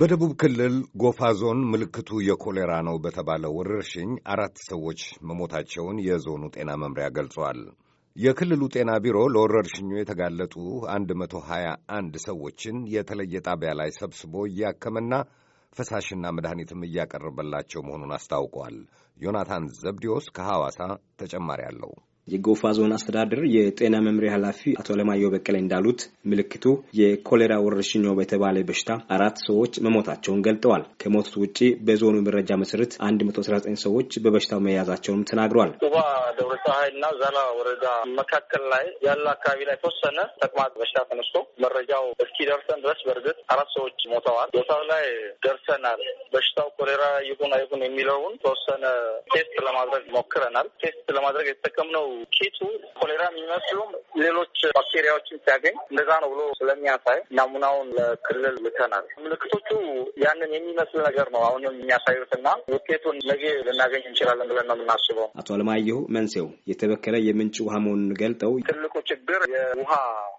በደቡብ ክልል ጎፋ ዞን ምልክቱ የኮሌራ ነው በተባለ ወረርሽኝ አራት ሰዎች መሞታቸውን የዞኑ ጤና መምሪያ ገልጿል። የክልሉ ጤና ቢሮ ለወረርሽኙ የተጋለጡ 121 ሰዎችን የተለየ ጣቢያ ላይ ሰብስቦ እያከመና ፈሳሽና መድኃኒትም እያቀረበላቸው መሆኑን አስታውቋል። ዮናታን ዘብዲዮስ ከሐዋሳ ተጨማሪ አለው። የጎፋ ዞን አስተዳደር የጤና መምሪያ ኃላፊ አቶ አለማየሁ በቀለ እንዳሉት ምልክቱ የኮሌራ ወረርሽኝ በተባለ በሽታ አራት ሰዎች መሞታቸውን ገልጠዋል። ከሞቱት ውጭ በዞኑ መረጃ መሰረት 119 ሰዎች በበሽታው መያዛቸውም ተናግሯል። ጉባ ደብረ ፀሐይና ዛላ ወረዳ መካከል ላይ ያለ አካባቢ ላይ ተወሰነ ተቅማጥ በሽታ ተነስቶ መረጃው እስኪደርሰን ድረስ በእርግጥ አራት ሰዎች ሞተዋል። ቦታው ላይ ደርሰናል። በሽታው ኮሌራ ይሁን አይሁን የሚለውን ተወሰነ ቴስት ለማድረግ ሞክረናል። ቴስት ለማድረግ የተጠቀምነው ኪቱ ኮሌራ የሚመስሉም ሌሎች ባክቴሪያዎችን ሲያገኝ እንደዛ ነው ብሎ ስለሚያሳይ ናሙናውን ለክልል ልከናል። ምልክቶቹ ያንን የሚመስል ነገር ነው አሁንም የሚያሳዩትና ውጤቱን ነገ ልናገኝ እንችላለን ብለን ነው የምናስበው። አቶ አለማየሁ መንሴው የተበከለ የምንጭ ውሃ መሆኑን ገልጠው ትልቁ ችግር የውሃ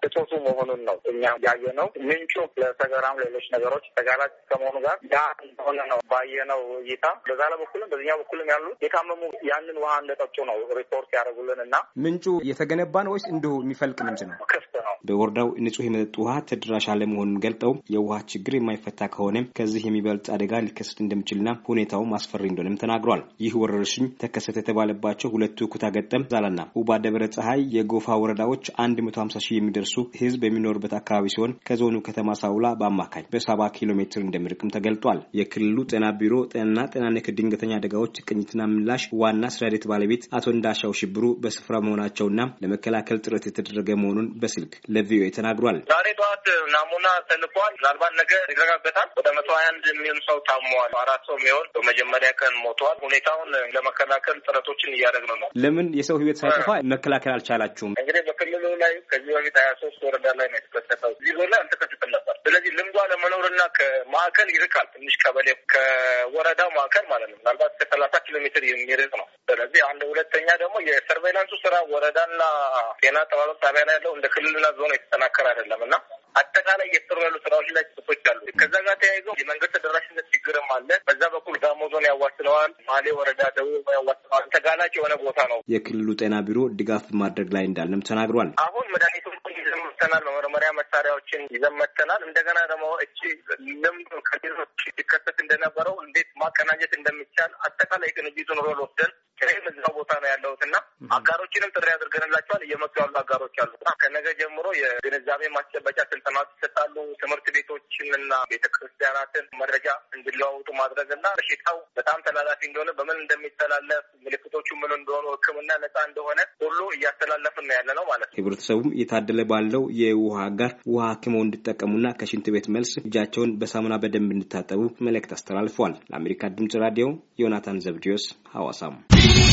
እጦቱ መሆኑን ነው እኛ ያየ ነው። ምንጩ ለሰገራም ሌሎች ነገሮች ተጋላጭ ከመሆኑ ጋር ያ ሆነ ነው ባየነው እይታ በዛ ለበኩልም በዚኛ በኩልም ያሉት የታመሙ ያንን ውሃ እንደጠጡ ነው ሪፖርት ያደረጉልን እና ምንጩ የተገነባ ነው ወይስ እንዲሁ የሚፈልቅ ምንጭ ነው? ክፍት ነው። በወረዳው ንጹህ የመጠጥ ውሃ ተደራሽ አለመሆኑን ገልጠው የውሃ ችግር የማይፈታ ከሆነ ከዚህ የሚበልጥ አደጋ ሊከሰት እንደሚችልና ሁኔታውም አስፈሪ እንደሆነም ተናግሯል። ይህ ወረርሽኝ ተከሰተ የተባለባቸው ሁለቱ ገጠም፣ ዛላና ውባ ደብረ ፀሐይ የጎፋ ወረዳዎች 150 ሺህ የሚደርሱ ህዝብ የሚኖርበት አካባቢ ሲሆን ከዞኑ ከተማ ሳውላ በአማካኝ በሰባ ኪሎ ሜትር እንደሚርቅም ተገልጧል። የክልሉ ጤና ቢሮ ጤናና ጤና ነክ ድንገተኛ አደጋዎች ቅኝትና ምላሽ ዋና ስራ ሂደት ባለቤት አቶ እንዳሻው ሽብሩ በስፍራ መሆናቸውና ለመከላከል ጥረት የተደረገ መሆኑን በስልክ ለቪኦኤ ተናግሯል። ዛሬ ጠዋት ናሙና ተልኳል። ምናልባት ነገ ይረጋገጣል። ወደ መቶ ሀያ አንድ የሚሆን ሰው ታሟል። አራት ሰው የሚሆን በመጀመሪያ ቀን ሞተዋል። ሁኔታውን ለመከላከል ጥረቶችን እያደረግን ነው። ለምን የሰው ህይወት ሳይጠፋ መከላከል አልቻላችሁም? እንግዲህ በክልሉ ላይ ከዚህ በፊት ሀያ ሶስት ወረዳ ላይ ነው የተከሰተው። እዚህ ዞን ላይ አልተከሰተም ነበር። ስለዚህ ልምዷ ለመኖርና ከማዕከል ይርቃል። ትንሽ ቀበሌ ከወረዳው ማዕከል ማለት ነው ምናልባት ከሰላሳ ኪሎ ሜትር የሚርቅ ነው። ስለዚህ አንድ ሁለተኛ ደግሞ የሰርቬይላንሱ ስራ ወረዳና ጤና ጠባበቅ ጣቢያ ላይ ያለው እንደ ክልልና ዞን የተጠናከረ አይደለም እና አጠቃላይ እየተሰሩ ያሉ ስራዎች ላይ ጽቶች አሉ። ከዛ ጋር ተያይዘው የመንገድ ተደራሽነት ችግርም አለ። በዛ በኩል ጋሞ ዞን ያዋስነዋል፣ ማሌ ወረዳ ደቡብ ያዋስነዋል። ተጋላጭ የሆነ ቦታ ነው። የክልሉ ጤና ቢሮ ድጋፍ ማድረግ ላይ እንዳለም ተናግሯል። አሁን መድኃኒቱ ይዘን መጥተናል። መመርመሪያ መሳሪያዎችን ይዘን መጥተናል። እንደገና ደግሞ እቺ ልምድ ከሌሎች ሲከሰት እንደነበረው እንዴት ማቀናጀት እንደሚቻል አጠቃላይ ቅንጅቱን ሮል ወስደን እዛው ቦታ ነው ያለሁት እና አጋሮችንም ጥሪ አድርገንላቸዋል። እየመጡ ያሉ አጋሮች አሉ። ከነገ ጀምሮ የግንዛቤ ማስጨበጫ ስልጠናት ይሰጣሉ። ትምህርት ቤቶችን እና ቤተክርስቲያናትን መረጃ እንዲለዋውጡ ማድረግ እና በሽታው በጣም ተላላፊ እንደሆነ በምን እንደሚተላለፍ ምልክቶቹ ምን እንደሆኑ፣ ሕክምና ነፃ እንደሆነ ሁሉ እያስተላለፍን ነው ያለ ነው ማለት ነው። ህብረተሰቡም እየታደለ ባለው የውሃ አጋር ውሃ ሀክመው እንዲጠቀሙና ከሽንት ቤት መልስ እጃቸውን በሳሙና በደንብ እንዲታጠቡ መልእክት አስተላልፏል። ለአሜሪካ ድምጽ ራዲዮ ዮናታን ዘብዲዮስ ሐዋሳም